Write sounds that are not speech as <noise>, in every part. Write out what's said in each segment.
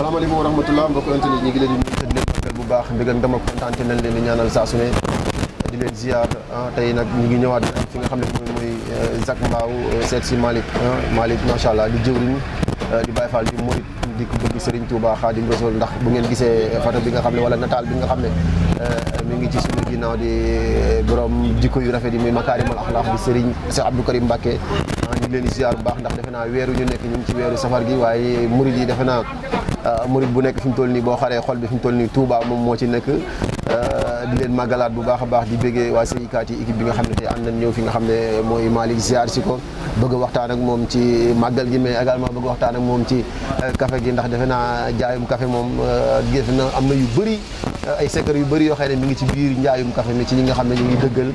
asalaamaaleykum wa rahmatulah mbokk internet ñu ngi leen di nuyu seen leen bu baax mbégam dama kontaan te nañ leen di ñaanal saa su ne di leen ziar ah, tey nag ñu ngi ñëwaat fi nga xam ne moom mooy eh, Zac Mbao eh, seet si Malick ah, Malick macha allah di jëwriñ eh, di Baye Fall di murit di ko bëgg Serigne Touba Khadim Rasoul ndax bu ngeen gisee photo bi nga xam ne wala nataal bi nga xam ne mu ngi ci suñu ginnaaw di borom jikko yu rafet yi muy makaarimal axlaax di Serigne Cheikh Abdou Karim Mbacké ah, ñu ngi leen di ziar bu baax ndax defe naa weeru nekk ñu ngi ci weeru safar gi waaye murit yi defe naa Euh, murid bu nekk fi mu toll nii boo xaree xol bi fi mu toll nii Touba moom moo ci nekk euh, di leen màggalaat bu baax a baax di bëggee waa sëykat yi équipe bi nga xam ne tey ànd nañ ñëw fi nga xam ne mooy Malick ziar si ko bëgg waxtaan ak moom ci màggal gi mais ma bëgg waxtaan ak moom ci euh, café gi ndax defe naa jaayum kafe moom defe na am na yu bëri ay secret yu bëri yoo xam ne mi ngi ci biir njaayum café mi ci ñi nga xam ne ñu ngi dëggal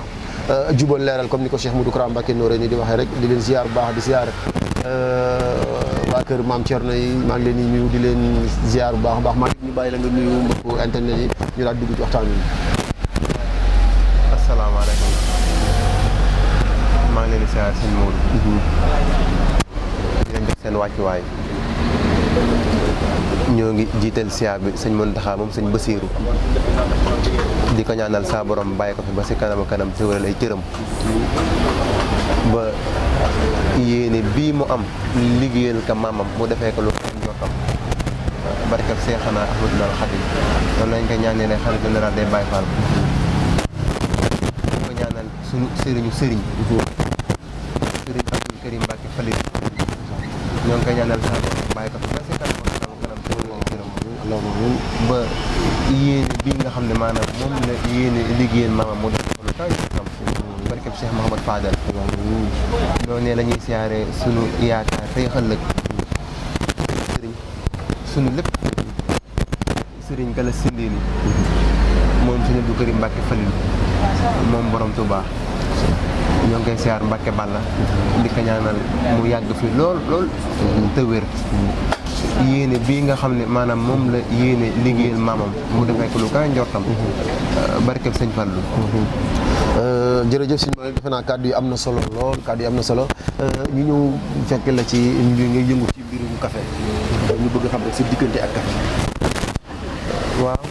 jubal leeral comme ni ko Cheikh Moudou Kara Mbacké Noreyni di waxee rek di leen ziar bu waa kër maam Thierno yi maa ngi nuyu di leen ziar bu baax baax maa ñu bàyyi nga nuyu mbokku internet yi ñu daal dugg ci waxtaan wi. asalaamaaleykum maa ngi leen ziar seen di ñoo ngi bi di ko ñaanal borom ko fi ba kanam kanam ay ba yéene bii mu am liggéeyal ka maamam mu defee ko lu njottam barkab seexanaa Ahmadul Xadim noonu lañ ko ñaanale xalifa général day Baay Faal ko suñu sëriñu sëriñ sëriñ Abdul Karim Mbàkke Falil ñoo ngi koy ñaanal sa bàyyi ko fi ba ba yéene bii nga xam ne maanaam moom la yéene liggéeyal maamam mu def ko lu Cheikh Mouhamad Fadel ñoo ne la ñuy siyaare sunu yaakaar tey xëllëg sëriñ sunu lépp sëriñ Gala Sindini këri Mbàkke Falil moom borom Touba ñoo ngi koy siyaar Mbàkke Balla di ko ñaanal mu yàgg fi lool lool te yéene bii nga xam ne maanaam moom la yéene liggéeyal maamam mu defee ko lu kaay njortam euh, barkeb sëñ Fallou euh, jërëjëf sëñ Malick defe naa kàddu yi am na solo lool kàddu yi am na solo euh, ñu ñëw fekk la ci mbir nga yëngu ci mbirum kafe ñu bëgg xam rek si diggante ak café waaw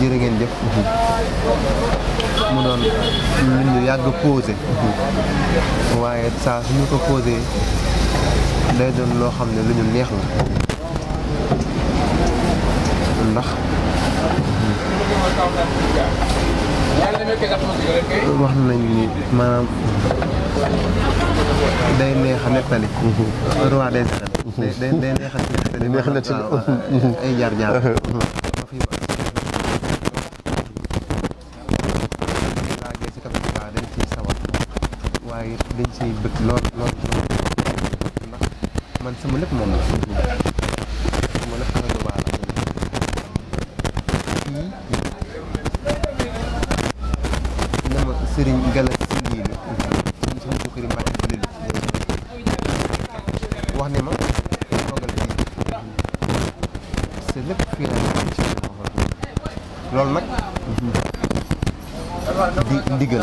jërë ngeen jëf yàgg posé waaye saa suñu ko posé day doon loo xam ne lu ñu neex la ndax wax nañ ni maanaam day neex a nettali roi des arènes day neex a nettali ay jaar jaar yi dañ siy bëgg lool lool wax ne ma toogal loolu nag di ndigal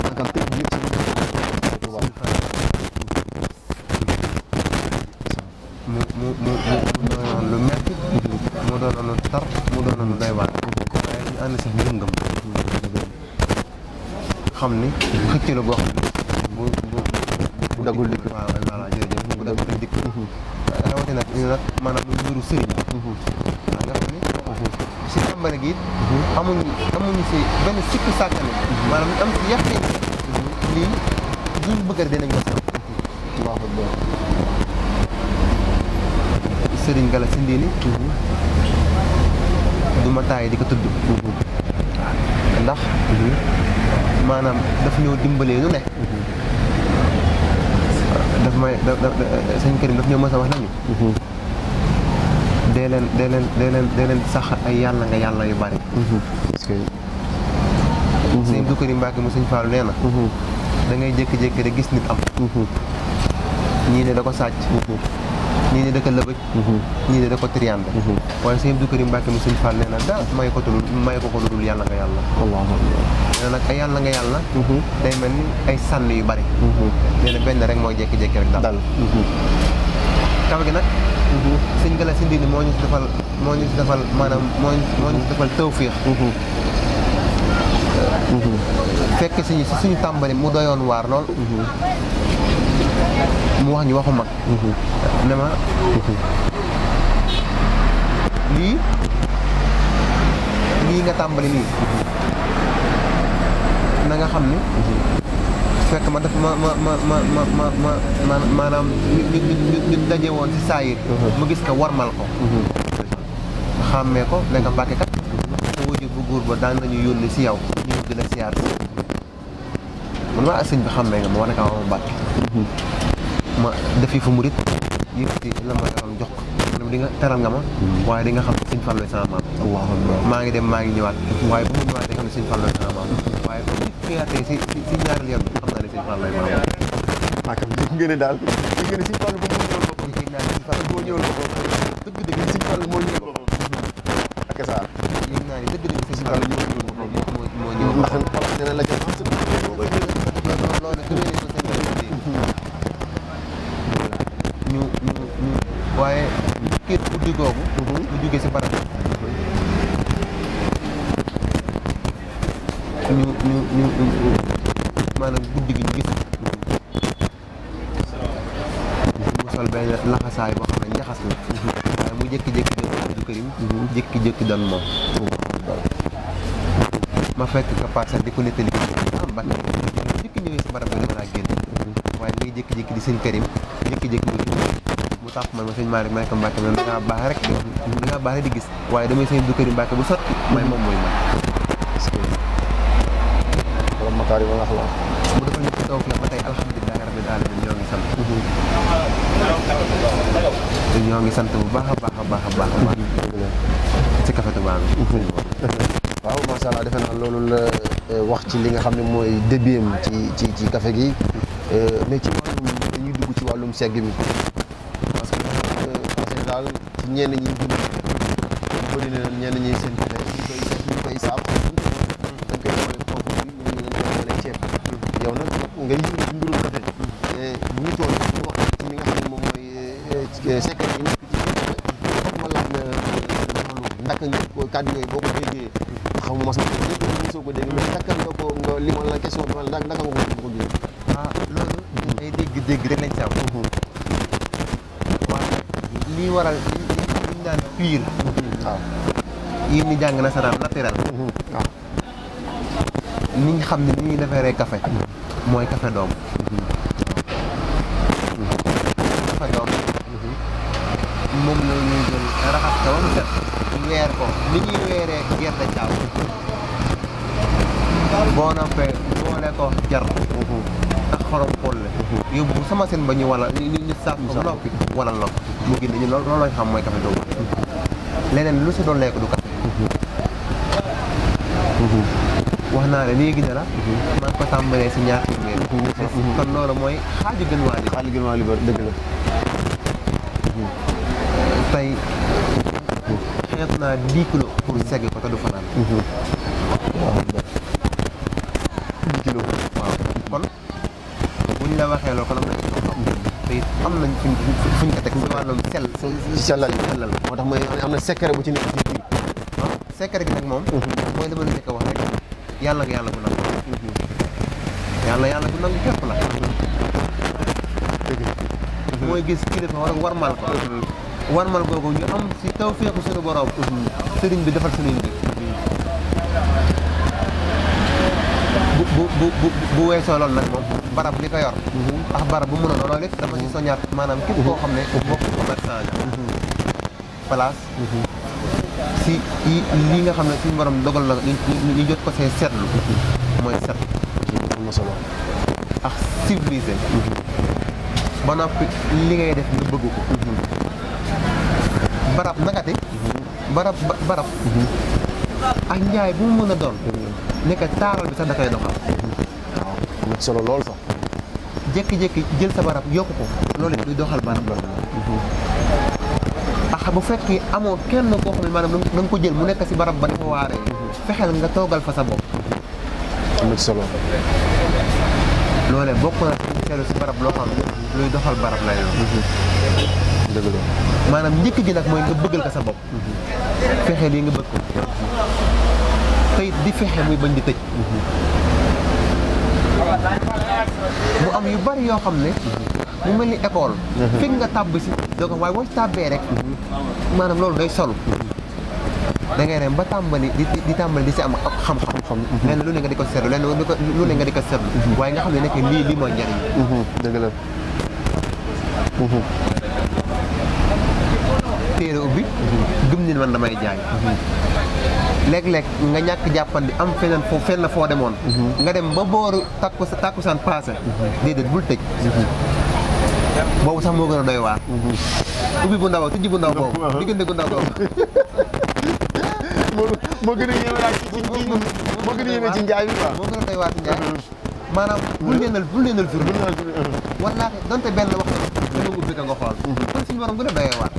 na sax ngëm ngëm xam ni xëcc la bu bu dagul dikk waaw voilà jërëjëf bu dagul dikk rawati nag ñu lu nga gi am bëgg du ma taay di ko tudd ndax maanaam daf ñoo dimbalee nu ne daf may sëñ Karim daf ñoo mës a wax nañu dee leen dee leen dee leen dee leen sax ay yàlla nga yàlla yu bari sëñ du Karim Mbàkke mu sëñ Faalu nee na mhm. da ngay jékki-jékki rek gis nit am mhm. ñii ne da ko sàcc mhm. ñii de da ko lëbëj ñii mhm. de da ko triande mhm. waaye sëñ Abdou Karim Mbacke mi sëñ Fall nee na dara may ko tulul may ko ko ludul yàlla nga yàlla nee nag ay yàlla nga yàlla mhm. day mel ni ay sànni yu bari nee na benn rek mooy jékki-jékki rek daal taw gi nag sëñ gala si ndindi moo ñu si defal moo ñu si defal maanaam moo moo ñu fekk suñu suñu tàmbali mu doyoon waar lool muah wax waxu mag ne ma li, nga tàmbali lii na nga fekk ma ma ma ma ma ma ma ma ma maanaam nit nit nit daje woon ma gis ko warmal ko xàmmee ko ne nga kat bu ba nañu yow ñu man maa sëñ bi xàmmee nga mhm. ma war ka ma bàkk ma def yi fa murit yëkkati la ma yaram jox ko di nga teral nga ma mhm. di nga xam ngi dem maa ngi ñëwaat waaye bu mu ñëwaat di nga xam ne sëñ Fallu mhm. bu ñu si si si ñaari yoon bi xam naa ne sëñ Fallu maam maakam ah, yëg ngeen ne daal yëg ngeen ne sëñ Fallu ba mu ñëwal boppam yëg naa ne sëñ Fallu boo ñëwal boppam dëgg dëgg sëñ Fallu moo ñëwal boppam guddi googu lu mhm. jóge si barab ñu ñu ñu maanaam guddi gi ñu gis mu sol benn laxasaay boo xam ne njaxas la waaye mu jékki-jékki mhm. dal Abdou Karim jékki moom di ko nettali am ba tey jékki ñëwee si barab bi dama laa génn mhm. waaye di sëñ bu tàpp man ma sëñ Maari ma ne ko man da ngaa rek rek di gis waaye damay sëñ du këri Mbàkke bu sotti may moom mooy man wala makaari ba nga xam mu defal ñu ci taw ba tey rabbil alamin ñoo ngi sant ñoo ngi sant bu baax a baax a ci waaw allah la wax ci li nga ci ci ci gi mais ci dañuy dugg ci segg bi Sénégal ci ñenn ñi jullit bëri na ñenn ñi seen pexe ñu koy ñu koy saaf dañ koy boole foofu bi ñu ngi leen koy boole ceeb yow nag nga yëngu eh, ci mbirum café bu ñu toll ñu wax ci li nga xam ne moom mooy eh, secret yi nekk ci foog ma laaj la ndaka nga ko kàddu yooyu boo ko déggee xam ma mas na ko dégg ñu soo ko dégg mais ndaka nga ko nga limal la question bi wala ndaka nga ko dégg ko dégg ah loolu hmm. ay dégg dégg rek lañ ci am hmm. liy waral li ñu naan pire. waaw yéen ñi jàng nasaraan naturel. Mm-hmm. ni xam ne ni ñuy defaree café mooy café doom. Mm-hmm. Mm-hmm. moom la jël raxas ko ba mu set weer ko ni ñuy weeree gerte caaw. boo noppee boole ko jar. yow iya, bu sama seen ba ñu wala ñu ñu saaf ko noppi wala la mu génn ñu loolu lañ xam mooy café doo leneen lu nah, si doon lekk du café wax naa la léegi ne la maa ngi ko tàmbalee si ñaar téeméer kon loolu mooy xaaju gën waa li gën la 10 pour ko du waxee loolu kon am nañ ci xam fuñ ko teg si wàllum sell si sellal sellal moo tax mooy am na secret bu ci nekk ci biir ah secret gi mhm. mooy li ma la wax rek yàlla nga yàlla bu nangu mhm. yàlla yàlla bu la mhm. mooy gis kii dafa war a warmal ko warmal googu ñu am si taw feexu suñu borom sëriñ bi defal sëriñ bi bu bu bu bu weesoo loolu nag moom barab li ko yor ak barab bu mënoon loolu it dama ci soñaat maanaam képp koo xam ne mbokk commerçant la mhm. place mhm. si li nga xam ne suñu borom dogal na ñu jot ko see seetlu mhm. mooy set ak civilisé ba noppi li ngay def nga bëgg ko barab nakate barab barab ak njaay bu mu mën a doon nekk taaral bi sax da doxal jékki-jékki jël sa barab yokku ko loolu duy doxal maanaam loolu ax bu fekkee amoo kenn koo xam ne maanaam ko jël mu nekk si barab ba dafa waaree fexeel nga toogal fa sa bopp am solo loolee bokk si barab loo luy doxal barab lay doon maanaam njëkk gi nag mooy nga bëggal ko sa bopp fexeel yi nga bëgg ko te di fexe muy bañ di tëj mu am yu bari yoo xam ne mu mel ni école mhm. fekk nga tàbb si doo ko waaye boo tàbbee rek mhm. maanaam loolu day solu mhm. da ngay dem ba tàmbali di di tàmbali di si am ak xam-xam lenn lu ne nga di ko seetlu lenn lu ne nga di ko seetlu waaye nga xam ne nekk lii lii mooy njëriñ dëgg la téere ubbi gëm ni man damay jaay léeg-léeg nga ñàkk jàppandi am feneen foo fenn foo demoon mhm. nga dem ba booru takku takkusaan passé mhm. déedéet bul tëj mhm. boobu sax moo gën a doy waar ubbi bu ndaw tijji bu ndaw boobu <laughs> diggante bu ndaw boobu <laughs> moo gën a yéeme ci moo gën a yéeme ci njaay bi quoi moo gën a doy waar ci njaay maanaam bul neenal bul neenal jur war naa donte benn waxtu dama ubbi ka nga xool kon suñu borom gën a doyee waar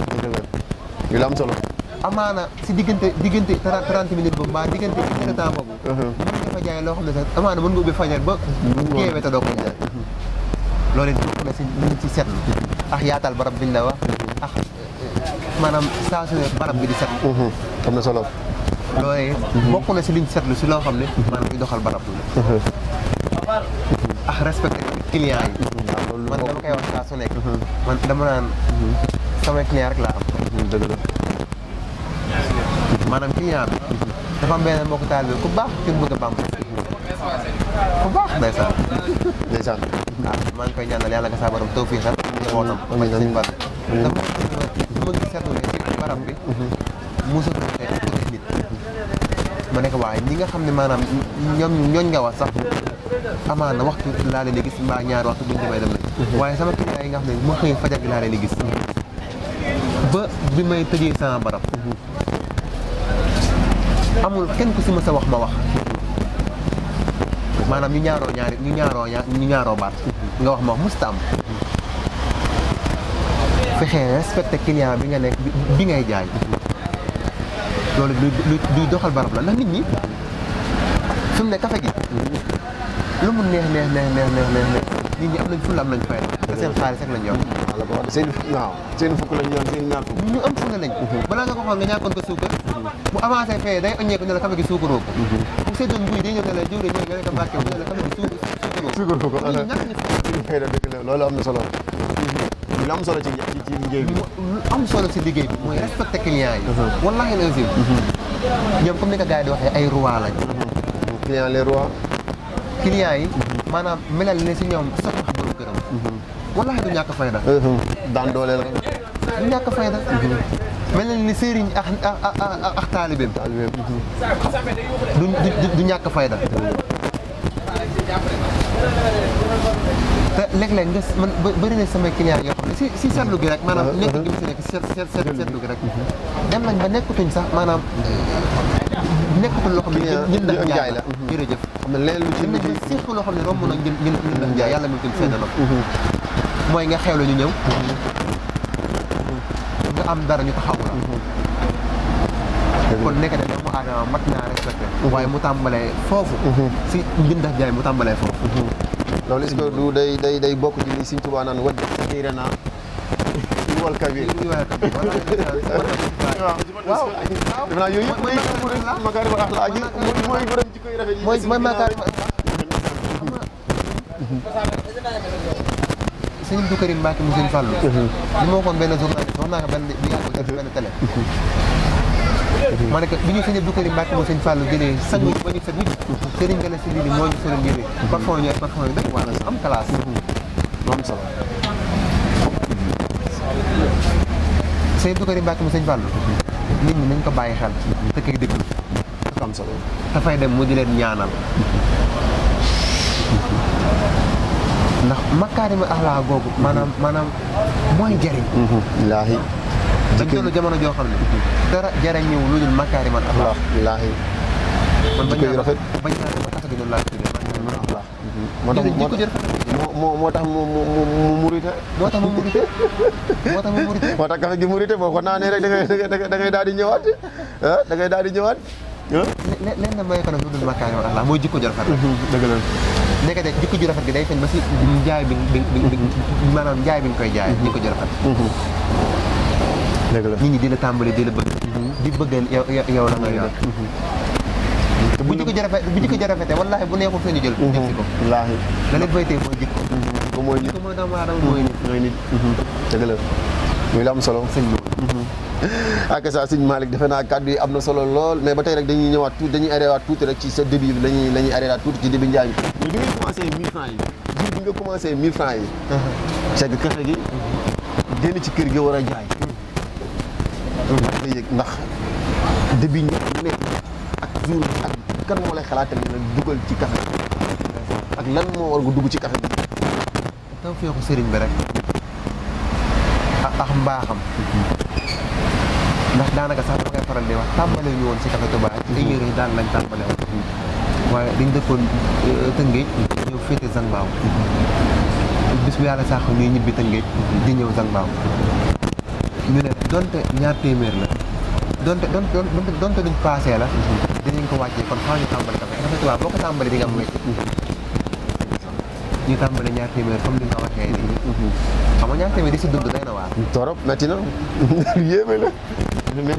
yu la am solo Amana si diggante diggante trente minutes boobu mbaa diggante une ta temps boobu mën nga fa jaay lo xam ne mën nga ubbi fajar ba geewee ta doo ko jaay loolu it na si ñu ci seetlu ak yaatal barab biñ la wax ak manam sa su ne barab bi di set am amna solo loolee bokku na si liñ seetlu si lo xam uh-huh. uh-huh. ah, uh-huh. man ñu doxal barab respect, ak respecté client yi man dama kay wax sa su nekk man dama nan sama client rek la am maanaam client bi dafa am benn mbokk taal bi ku baax ki a bamb ku baax ndeysaan ndeysaan ah, maa ngi koy ñaanal yàlla nga saa borom taw fii xel njabootam ma ci siñ bal dama dama gis seetlu ne mhm. nekk waaye ñi nga xam ne maanaam ñoom ñooñ nga wax sax amaana waxtu laa leen di gis mbaa ñaari waxtu buñ demee dem nañ mhm. waaye sama client yi nga xam ne ma xëy fajar gi laa leen gis mhm. ba bi may tëjee sama barab amul kenn ku si mës wax ma wax maanaam ñu ñaaroo ñaar ñu ñaaroo ñaaroo baat nga wax ma wax musta am fexe respecté client bi nga nekk bi ngay jaay loolu luy doxal barab la ndax nit ñi fi mu ne kafe gi lu mu neex neex neex neex neex neex nit ñi am nañ fulla am nañ fay te seen xaalis rek lañ yor seen ñu am fulla lañ mhm. balaa nga ko xool nga ñàkkoon ko suukar bu avancé fee day ëññeeku ne la kafe gi suukaroo ko bu seddoon mbuy day ñëw ne la jiw de ñëw nga ne ko mbàkke ne la kafe gi suuk suukaroo ko ñun nag ñu loolu am na solo lu am solo ci ci liggéey bi lu am solo si liggéey bi mooy respecté client yi wallahi la aussi ñoom comme ni ko gars yi di waxee ay roi lañ client les rois client yi maanaam melal ne si ñoom sax wax borom këram wallahi du ñàkk fayda daan dooleel rek du ñàkk fayda mel na ni sëriñ ak ak ak taalibeem du ñàkk fayda te léeg-léeg nga man bëri na samay clients yoo xam ne si si seetlu gi rek maanaam nekk gi si nekk seet seet seetlu gi rek dem nañ ba nekkutuñ sax maanaam nekkatul loo xam ne ñun ndax njaay la jërëjëf xam na leen lu ci dem nañ ba séq loo xam ne romb na ñun ñun ndax njaay yàlla mi tam mm-hmm. mooy nga xewlu ñu ñëw mm-hmm. nga am dara ñu taxawu la kon nekk de doomu aadama mu tàmbalee foofu si mbindax jaay mu tàmbalee foofu loolu est-ce que du day day day bokk ci li Sëriñ Tuubaa naan wad xiire naa wal kabir waaw waaw mooy makaari ma yi mooy sëñ Abdou Karim Mbacke mu sëñ mhm. li ma waxoon benn journal wax naa ko benn bi nga ko def mhm. ma ne bi ñu sëñ Abdou Karim Mbacke mu sëñ Fallou jëlee sang ñu ba mhm. moo ñu solal yére parfum ñooy parfum yi def wala am classe mu am mu nit ñi nañ ko bàyyi xel te koy déglu am solo dafay dem mu di leen ñaanal ndax makaarima axlaa googu maanaam maanaam mooy njëriñ mhm. laahi dañ doon jamono joo xam ne dara jëriñëw lu dul makaarima axlaa laahi man bañ rafet bañ naa ma tax gi noonu laa mhm. moo tax moo moo tax mu mu moo tax mu murite moo tax <laughs> boo ko naanee rek da ngay da ngay daal di ñëwaat da ngay daal di ñëwaat ah, leen ah. na may ko nag lu dul axlaa mooy jikko jërëf mhm, dëgg la ndekete jikko ju rafet bi day feeñ ba si jaay bi bi maanaam jaay bi ñu koy jaay jikko ju rafet mm-hmm. dëgg la nit ñi di la tàmbali di la bëgg di bëggal yow yow la nga yor te bu jikko ju rafet bu jikko ju rafetee wallaahi bu neexul fee ñu jël jël si ko mm-hmm. wallaahi la leen fay tey mooy jikko jikko mm-hmm. mooy nit mooy doomu aadama mooy nit mooy nit dëgg la muy la am solo sëñ <laughs> ak saa sëñ Malick defe naa kàddu yi am na solo lool mais ba tey rek dañuy ñëwaat tuuti dañuy arrêté waat tuuti rek ci sa début bi lañuy la ñuy arrêté waat tuuti ci début njaay mi mais bi nga commencé yi jur uh-huh. bi nga commencé 1000 yi c'est que café gi génn ci kër gi war a jaay uh-huh. ndax la yëg ndax début njaay mu nekk ak jour ak kan moo lay xalaatal ne dugal ci café ak lan moo war nga dugg ci café bi taw feexu sëriñ bi rek ak mbaaxam mm-hmm. nak daanaka nak sa koy faral dewa wax tàmbale ñu woon si café touba ay yëre daan lañ wa woon waaye dañ dëkkoon tëngéej ñëw zang baaw bis bi ala sa ko ni ñibbi tëngéej di ñëw zang baaw ñu ne donte ñaar téeméer la donte donte donte donte duñ passé la di dinañ ko wàccee kon xaw ñu tàmbali café café touba boo ko tàmbali di nga am wecc ñu tàmbali ñaar téeméer comme di nga waxee ni xam nga ñaar téeméer di si dund day na wa torop na metti na yéeme la mais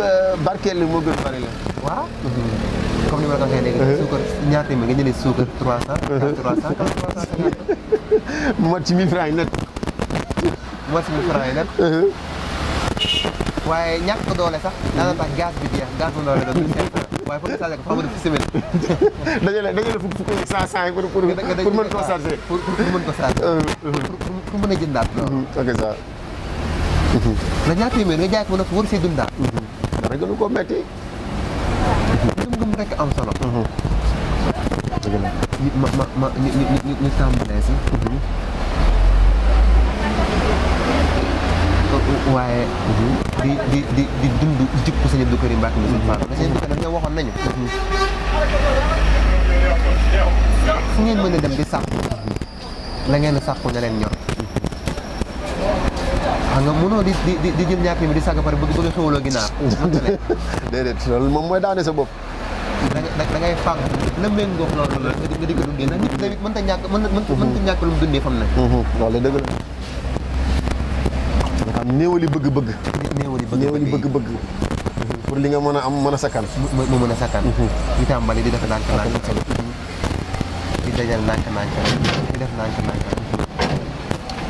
euh, barkeel li moo gën bari la. waaw. comme ni ma la ko waxee léegi. Uh-huh. suukar ñaata mi nga jëlee suukar 300. 300 350. mu mat ci 1000 francs yi mu mat ci 1000 francs yi uh-huh. waaye ñàkk doole sax. daanaka tax bi jeex gaz bu doole la du 500 waaye foofu chargé ko faaw def ci semaine. <laughs> dajale dajale fukk fukk 100 yi pour pour mën koo chargé. pour pour mën ko chargé. Uh-huh. pour pour nga ñaar téeméer nga jaay ko ba noppi war see dund daal. dara gënu koo metti. gëm-gëm rek am solo. dëgg ma ma ma ñu ñu ñu tàmbalee si. Mhm. waaye. Mhm. di di di di dund jikko sëñ Abdou Karim Mbacke Moussa Fall. parce que sëñ Abdou Karim mhm. fu ngeen mën dem di sàkku. na ngeen a sàkku na leen ñor. xam nga di di di jël ñàkk bi di sàgg pare bëgg bëgg xewloo ginnaaw. déedéet loolu moom mooy daane sa bopp. da ngay da ngay fàgg la méngóog loolu nga di ko dundee nit tamit mënta ñàkk mën mënta ñàkk lu mu dundee fam ne. loolu dëgg la. nga xam néewali bëgg-bëgg. néewali bëgg bëgg-bëgg. pour li nga am mu di tàmbali di def nànk-nànk. di dajal nànk-nànk di def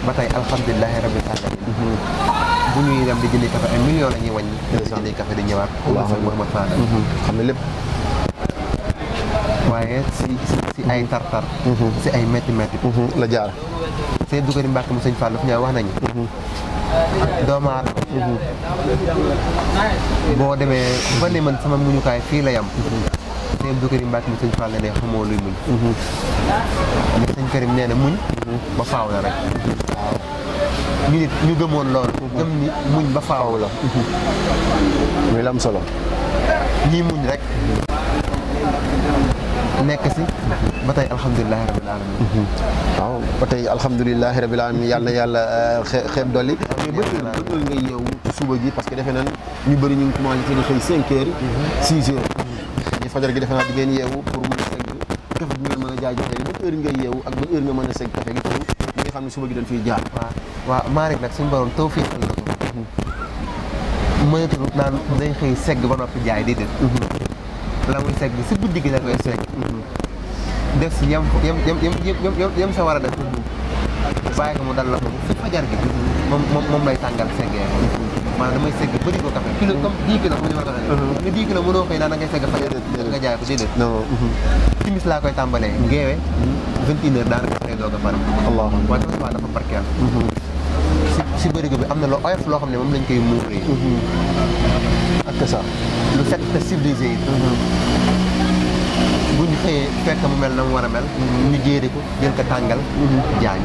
ba tey alhamdulilahi rabbil alamin bu ñuy dem di jëndi café ay millions la ñuy da jëndi café di ñëwaat Mouhamad Fall mhm. xam ne lépp waaye si si ay tartar mhm. si ay métti mhm. la jaar see dugari Mbàkke mu sëñ Fall fu ñaa wax nañu doomu aadama boo demee ba ne man sama muñukaay fii la yam sëñ Abdou Karim Mbacke sëñ Fall ne xamoo luy muñ li mhm. sëñ Karim nee na muñ ba faaw la rek waaw ñu ñu gëmoon lool mhm. gëm ni muñ ba faaw la mhm. muy lam solo ñii muñ rek nekk si ba tey alhamdulilahi rabil alamin waaw ba tey alhamdulilahi rabil alamin yàlla yàlla euh, xeeb dolli mais bëtul bëtul ngay suba gi parce que defe nan ñu bari ñu ngi commencé seen ci fajar gi defe naa di ngeen yeewu pour mën segg café bi ngeen mën a jaay joxe yi ban yeewu ak nga mën a segg café gi pour ñi nga xam ne suba gi dañ fiy jaar waaw waaw maa rek nag suñu fii xal na ko mënatul naan day xëy segg ba noppi jaay di def mhm. la muy segg si guddi gi la koy segg mhm. def si yam yam yam yam sa war a def mhm. bàyyi ko mu fajar gi moom moom may tàngal seggee maanaam damay segg bëri ko café kilo comme 10 kilos comme ni ma ko waxee nga 10 kilos mënoo xëy naan da ngay segg fan nga jaay ko déedéet timis laa koy tàmbalee ngeewe vingt une heures daanaka lay doog a far waaye tamit dafa barkeel uh-huh. si si bërigo bi am na loo oyof loo xam ne moom lañ koy muuree uh-huh. ak sa lu set te civilisé yi uh-huh. bu ñu xëyee fekk mu mel na mu war a mel ñu jéeri ko jël ko tàngal jaay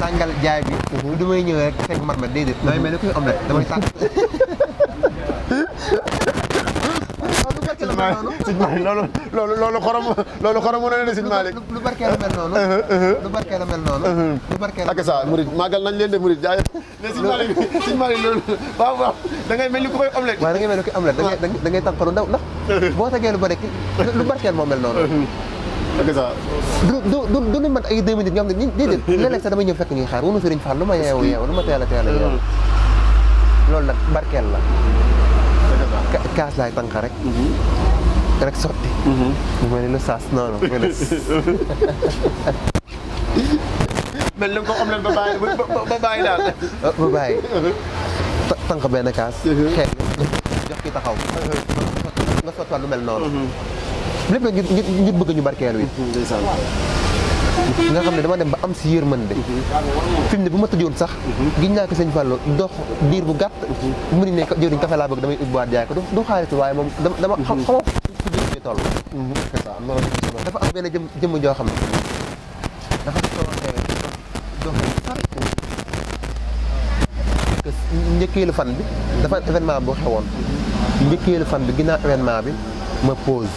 tàngal jaay bi. lu mhm. damay ñëw rek fekk mat ma déedéet. damay mel ni kuy omelette damay tànk. <laughs> sëñ Malick loolu loolu loolu xorom loolu xorom uh-huh, uh-huh. uh-huh. na ne sëñ Malick lu barkeel mel noonu lu barkeel mel noonu lu barkeel ak sa murid màggal nañ leen de murid jaay ne a Malick sëñ Malick loolu waaw waaw da ngay mel ni ku koy da ngay mel ni ku omelette da ngay da ngay tànqalu ndaw ndax <laughs> boo tegee lu bari lu barkeel moo mel noonu dëgg saa du du du du ay deux minutes nga xam ne déedéet <laughs> léeg-léeg sax damay ñëw fekk ñuy xaar wunu Sëriñ Fall lu ma yeewu yeewu lu ma teel a teel a yeewu mm-hmm. loolu nag barkeel la kaas lay tànq rek mm-hmm. rek sotti ñu mm-hmm. mel ni noonu nga ne mel ni <laughs> ko am leen ba bàyyi ba bàyyi daal <laughs> ba bàyyi tànq benn kaas xeet jox ki taxaw nga lu mel noonu lépp ngir bëgg ñu barkeelu yi nga xam ne dama dem ba am si yërmande fi mu ne bu ma tëjoon sax giñ naa ko sëñ Fallou dox diir bu gàtt mu ni ne jëriñ kafe laa bëgg damay ubbiwaat jaay ko du xaalis waaye moom dama xam xama fu dafa am benn jëm jëmm joo xam ne njëkkeelu fan bi dafa événement bu xewoon njëkkeelu fan bi ginnaaw événement bi ma pause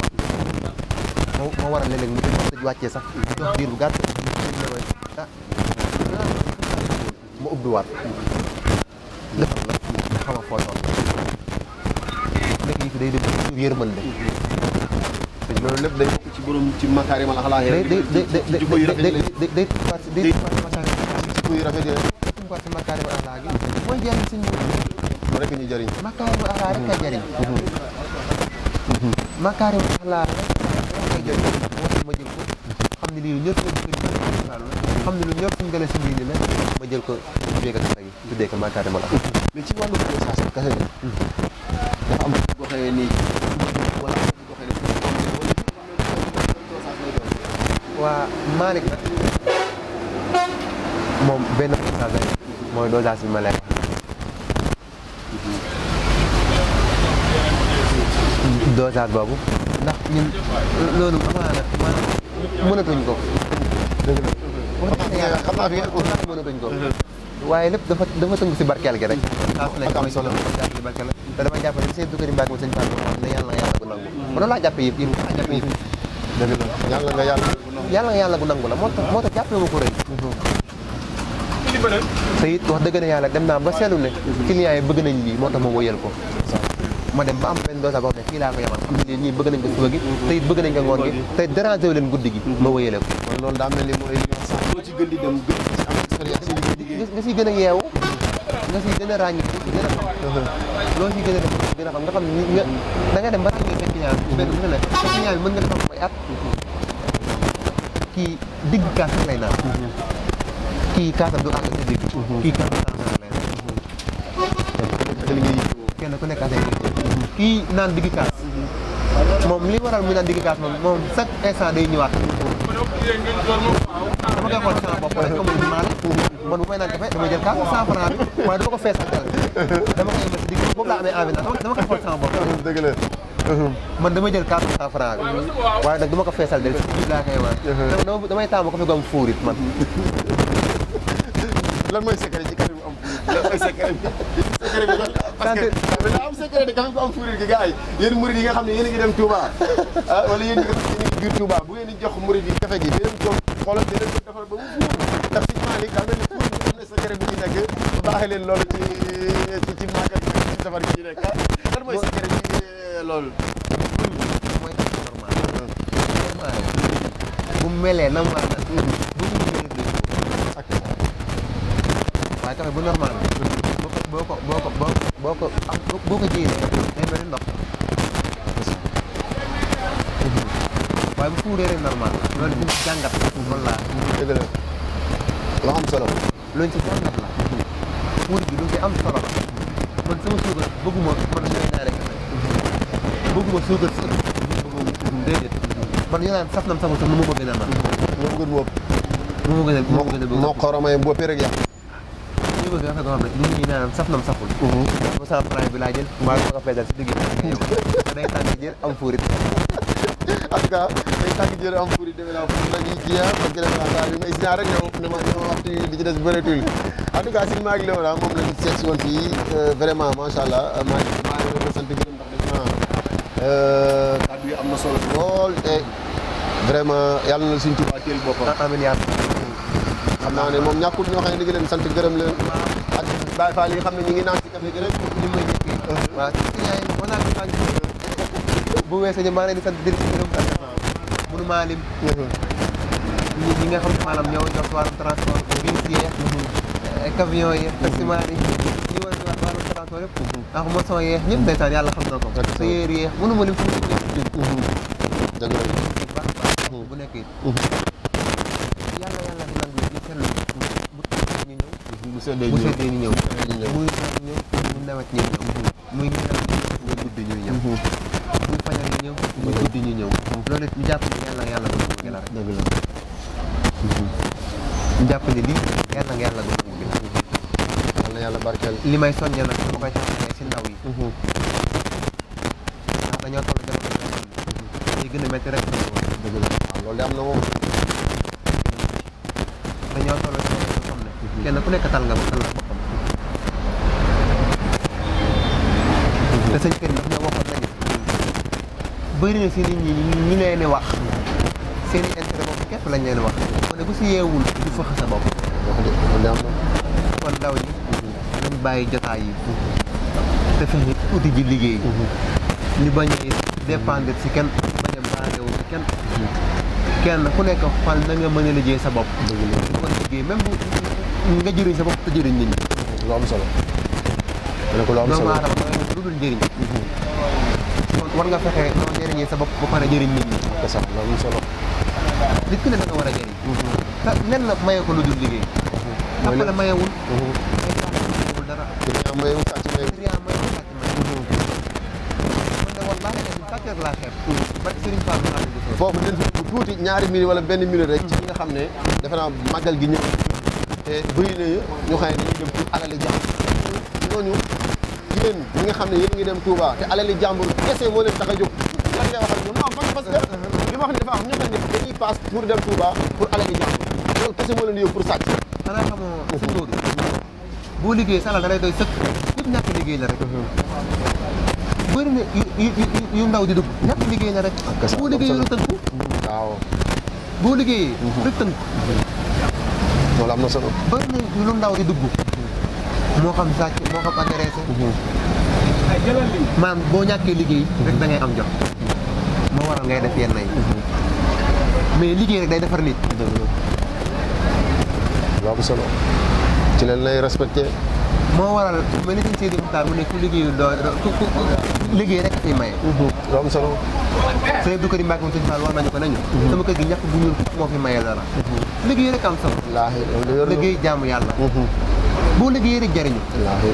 moo moo waral léeg-léeg mu tëj tëj wàccee sax dox diir bu gàtt ah mu ubbiwaat lépp la nga xam a footoon nekk yi fi day dem yërmande loolu lépp day ci borom ci makaarimal axlaaq day day day day day day mooy jëriñ ñu jëriñ makaarimal axlaaq rek a jëriñ makaarimal axlaaq xam ne lu ñor suñu gën a si diine la ma waa Malick nag moom benn dosage rek mooy dosage bi ma leer dosage boobu ndax ñun loolu amaana maanaam mënatuñ ko dëgg la xam a bañ ko waaye lépp dafa dafa tënk si barkeel gi rek saas nekk am solo ci barkeel te dama jàpp ne seen dukkari mbàkk sëñ Fall ne yàlla nga yàlla bu nangu la yàlla nga yàlla yàlla nga yàlla bu la moo tax moo tax jàppe ko rëy te it wax dëgg na yàlla dem naa ba seetlu ne client yi bëgg nañ lii moo tax moom wëyal ko ma dem ba am benn dose boo xam ne fii laa ko yemal xam ne ñii nañ ko suba gi te nañ ko ngoon gi déranger wu leen guddi gi ma wëyale ko kon loolu daa mel ni ci gën dem gën ci am expérience nga liggéey nga siy gën a xam loo siy gën def gën xam nga xam ne nga da nga dem ba ràññee sa client bi benn bu ne sa client nga defam koy at kii digg kaas lay naan kii kaasam du àgg sa digg kii kaasam lay naan kenn ku nekk affaire yi kii naan digg kaas moom li waral muy naan digg kaas moom moom chaque instant day ñëwaat. dama koy xool sama bopp rek comme maa la man bu may naan café damay dama ko fees ak dara dama koy mës digg boobu laa amee envie naan dama koy xool sama la. man damay uh-huh. fuurit man lan mooy secret ci karim am lan mooy secret bi secret parce que daa am secret de café ku am furir gi gars yi yi nga xam ne yéen a ngi dem Touba ah, wala yéen ñi nga bu ngeen di jox murid yi café gi di leen jox xoolal di leen ko defal ba mu fuur ndax si bi am na secret ci nekk baaxee leen loolu ci ci màggal ci safar gi ci nekk ah. lan mooy secret bi euh, loolu mooy normal normal na bu ñu waaye café bu normal boo ko boo ko am boo ko loolu ñu jàngat la loo am solo loolu ci jàngat la am solo la sama suukar bëgguma man ñooy ñaare kafe bëgguma suukar sëg bëgguma déedéet man yoo sama sax nu ma ko gën a man moo gën wóob moo ko gën a moo ko gën bëgg rafet xam ne lu ñuy naan saf nam saful ma sama franc bi laa jël maa ngi ko feesal si digg day tàngi jël am fuurit en tout cas day tàngi jël am fuurit demee naa fuurit nag yi jiya parce que def naa saa yu may si rek yow ne ma ne ma waxtu li ci des bëreetul en tout cas si maa ngi la wala moom lañ seet si woon fii vraiment macha allah maa ngi maa ngi leen di sant gërëm ndax def naa kàddu yi am na solo lool te vraiment yàlla na suñ tubaab teel boppam amiin xam naa ne moom ñàkkul ñoo xam ne di ngi leen sant gërëm leen ak Baye Fall yi xam ne ñu ngi naan ci café gërëm ñu may waaw bu weesoo ñu maa ngi leen sant dir gërëm mënu maa lim ñi nga xam ne maanaam ñoo jox wàllum transport bis yeex eh, camion yeex taximaan yi ñi war a wàllum transport yëpp ak moson yeex ñëpp ndeysaan yàlla xam na ko sa yéer yeex mënu ma lim fu mu nekk dëgg la bu nekk Boucher day ñëw day ñëw. muy ñëw mu nawet ñëw. muy ñu nawet muy guddi ñuy ñëw. muy fajar ñu ñëw. ñu ñëw. loolu ñu jàpp ne yàlla yàlla du nangu la rek. la. ñu jàpp ne lii yàlla nga yàlla du nangu la. yàlla yàlla barkeel. li may soññee nag bu koy soññee si ndaw yi. rek. la am na ಕೆಲಪುಲೆ ಕತಲ್ ಗಮ ಕಲ್ಲ ಬಕಂ dafañ kenn daf ñoo waxoon nañu bëri na si nit ñi ñu leen wax seen intérêt bopp képp lañ leen wax mu ne bu si yeewul du fa xasa bopp kon ndaw ñi nañ bàyyi jotaay yi te fexe uti ji liggéey ñu bañ a dépendre si kenn bañ a baanewu si na nga sa nga jëriñ sa bopp te jëriñ nit ñi. lu am solo. ko lu am solo lu dul njëriñ. kon mhm. war nga fexe noo jëriñee sa bopp ba pare jëriñ nit ñi. c'est solo. nit ki war a jëriñ. te mhm. la maye ko lu dul liggéey. Mhm. mooy la mayewul. dara. client mayewul sàcc mayewul. client mayewul sàcc mayewul. man de wallaahi ne sàcceeg laa xeeb. parce foofu ngeen fi tuuti ñaari minutes wala benn minute rek. ci nga xam ne defe naa màggal gi ñëw. bëri na ñu xam ne dañuy dem pour alali jàmbur ñooñu yéen ñi nga xam ne yéen ngi dem Touba te alali jàmbur kese moo leen tax a jóg lan ngay wax ak ñoom non parce que li ma wax ne dafa am ñoo xam ne dañuy paas pour dem Touba pour alali jàmbur loolu kese moo leen di yóbbu pour sàcc xanaa xamoo suñ doodu boo liggéey salal da lay doy sëkk ku ñàkk liggéey la rek bëri na yu ndaw di dugg ñàkk liggéey la rek boo liggéeyee rek tënku waaw boo liggéeyee rek tënku loolu mhm. mhm. am na solo bëri na lu ndaw di dugg moo xam sàcc moo xam agressé maanaam boo ñàkkee liggéey rek ngay am jox ngay def yenn yi mais liggéey rek day defar nit ci lay respecté ni liggéey rek ci maye. Mhm. lu am solo. sëñ Abdou Karim Mbacke moom sëñ ko nañu. sama kër gi ñàkk bu ñuul moo fi maye dara. Mhm. liggéey rek am solo. liggéey jaamu yàlla. Mhm. boo liggéeyee rek jariñu. wallaahi.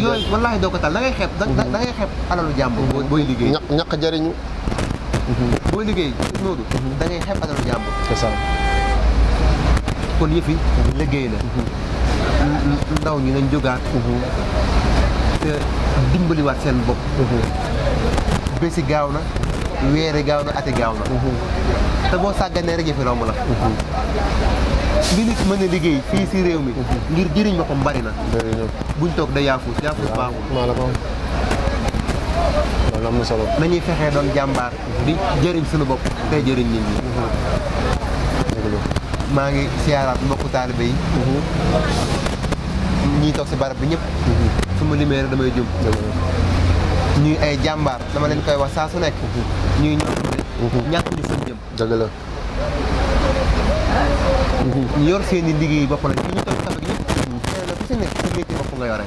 yooyu wallaahi doo ko tal da ngay xeeb da ngay xeeb alalu jàmbur. liggéey ñaq ñaq jariñu. boo liggéey noonu. da ngay xeeb alalu jàmbur. c'est ça. kon yëfi liggéey la. ndaw ñi nañ jógaat. te dimbaliwaat seen bopp mhm. bési gaaw na weere gaaw na ate gaaw na mhm. rek yëfi romb la li mhm. nit mën liggéey fii si réew mi ngir jëriñ boppam bari na buñ toog da yaafuus yaafuus baaxul na solo doon di jëriñ suñu jëriñ nit ñi ngi mbokku yi barab bi ma limee damay jum ñuy ay eh, jambar dama leen koy wax sa su nek ñuy ñoom ñàkk ñu fa jëm dëgg la ñu yor seen i liggéey bopp la ñu tok sama yëpp kenn ku si nekk sa métier bopp nga yoré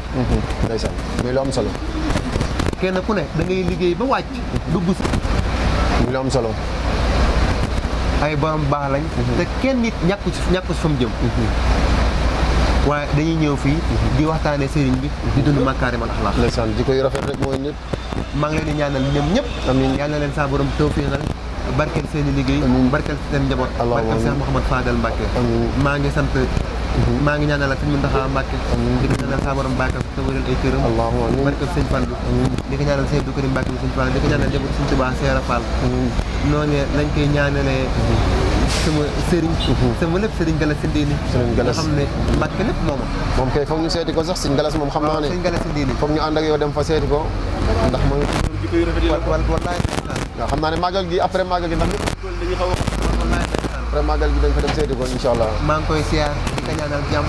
ndaysan muy lo am solo kenn ku ne da ngay liggéey ba wacc dubbu muy lo am solo ay borom baax lañ te kenn nit ñàkku si ñàkku mu jëm waaye dañuy ñëw fii di waxtaanee sëriñ bi di dund makaarimal axlaaq ndeysaan di koy rafet rek mooy nit maa ngi leen di ñaanal ñoom ñëpp amiin yàlla leen saa borom tawfiixal barkeel seen i liggéey barkeel seen njaboot barkeel seen Mouhamad Fadel Mbacke maa ngi sant maa ngi ñaanal ak sëñ Mountakha Mbacke di ko ñaanal saa borom Mbacke te wëral ay këram barkeel sëñ Fallou di ñaanal sëñ Abdou Karim Seera Fall noonu lañ koy ñaanalee sama sëriñ. Mhm. sama lépp sëriñ Galas Ndéni. sëriñ Galas nga xam ne moom. kay foog ñu seeti ko sax sëriñ Galas moom xam naa ne sëriñ Galas Ndéni. foog ñu ànd ak yow dem fa seeti ko ndax ma ngi. wallaay xam naa ne màggal gi après màggal gi ndax lépp dañuy xaw a. wallaay après màggal gi dañ fa dem seeti ko incha allah. maa ngi koy siyaar di ko ñaanal jàmm.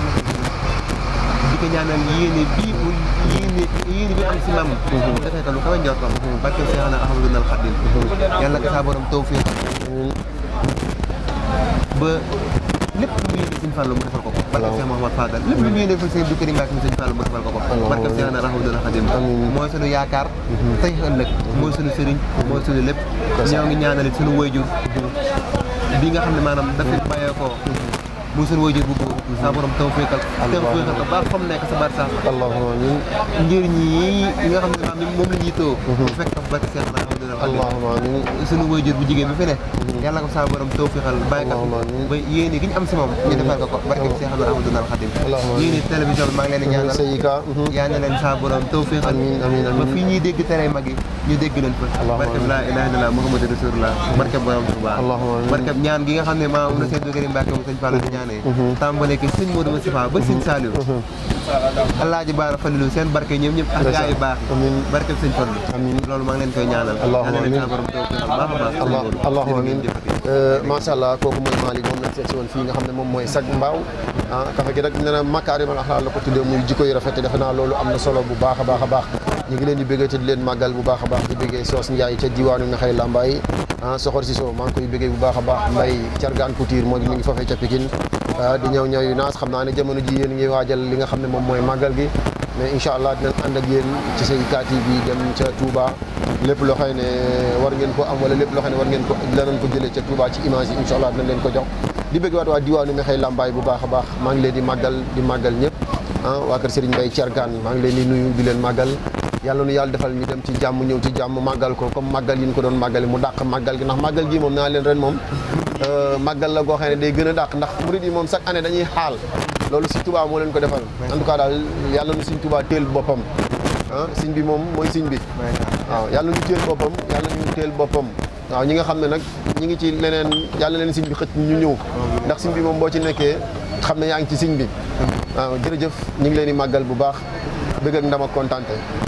di ko ñaanal yéene bii bu yéene yéene bi am si mam mhm. dafay ko lu kawe njortam barke Seexna Ahmadul Xadim mhm. yàlla ka saa ba lépp lu muy indi sëñ Fallou mu defal ko ko barke Cheikh Mouhamad Fadal lépp lu muy indi sëñ Abdou Karim mu defal ko ko barke Cheikh na Rahmadoul Khadim mooy sunu yaakaar mhm. tey ëllëg mooy sunu sëriñ mhm. mooy sunu lépp ñoo ngi ñaanalit sunu wayjur mhm. bi nga xam ne maanaam dafa bàyyee ko mu wajib wajur bu góor sa borom tawfiqal tawfiqal ko ba fam nek sa allahumma ngir ñi nga xamne maam mom lañuy to fekk fa allahumma sunu wajib bu jigen bi fi ne yalla ko sa borom tawfiqal bay yene giñ am ci ñu defal ko barke seen xamne amadou dal khadim yene télévision ma ngi leen ñaanal sayika yaana leen sa borom tawfiqal amin amin amin fi ñi dégg téré magi ñu fa barke la ilaha illallah muhammadur rasulullah barke borom tuba allahumma barke ñaan gi nga xamne maam na seen mu señ fallu ñaan waxtaanee tàmbale ki sëñ Modou Moustapha ba sëñ Saliou alaaji baara falilu seen barke ñoom ñëpp ak gaa baax amiin barke euh, allah kooku mooy Malick moom lañ seet si woon fii nga xam ne moom mooy sag mbaaw ah, kafe gi rek nee makaarimal axlaaq la ko tuddee muy jikko rafet defe naa loolu am na solo bu baax a baax a baax ñu ngi leen di bëggee te leen màggal bu baax a baax di bëggee soos Ndiaye ca diwaanu nga lambaay ah, soxor si soo maa ngi koy bëggee bu baax a Ah, di ñëw ñëw yu naas xam naa ne jamono ji yéen ngi waajal li nga xam ne moom mooy màggal gi mais incha allah dinañ ànd ak loo xam ne war ngeen ko am wala lépp loo war ngeen ko danañ ko jëlee ca Touba ci image yi incha allah dinañ leen ko jox di bëgg waat waa diwaanu Mekhe Lambaye bu baax a baax maa ngi leen di màggal di màggal ñëpp ah, waa kër Serigne Mbaye Thiergane maa ngi leen di nuyu di leen màggal yàlla nu yàlla defal ñu dem ci jàmm ñëw ci jàmm màggal ko comme màggal yi ñu ko doon màggali mu dàq màggal gi ndax màggal gi moom naa moom Euh, màggal la goo xam ne day gën a dàq ndax murid yi moom chaque année dañuy xaal loolu Sëñ Tuubaa moo leen ko defal en tout cas daal yàlla nu Sëñ Tuubaa téel boppam ah bi moom mooy sëñ bi waaw yàlla nu téel boppam yàlla nu boppam waaw ñi nga xam ne nag ñi ngi ci leneen yàlla leen sëñ bi xëcc ñu ñëw ndax sëñ bi moom boo ci nekkee xam ne yaa ngi ci sëñ bi waaw jërëjëf ñu ngi leen di màggal bu baax bëgg ak ndam ak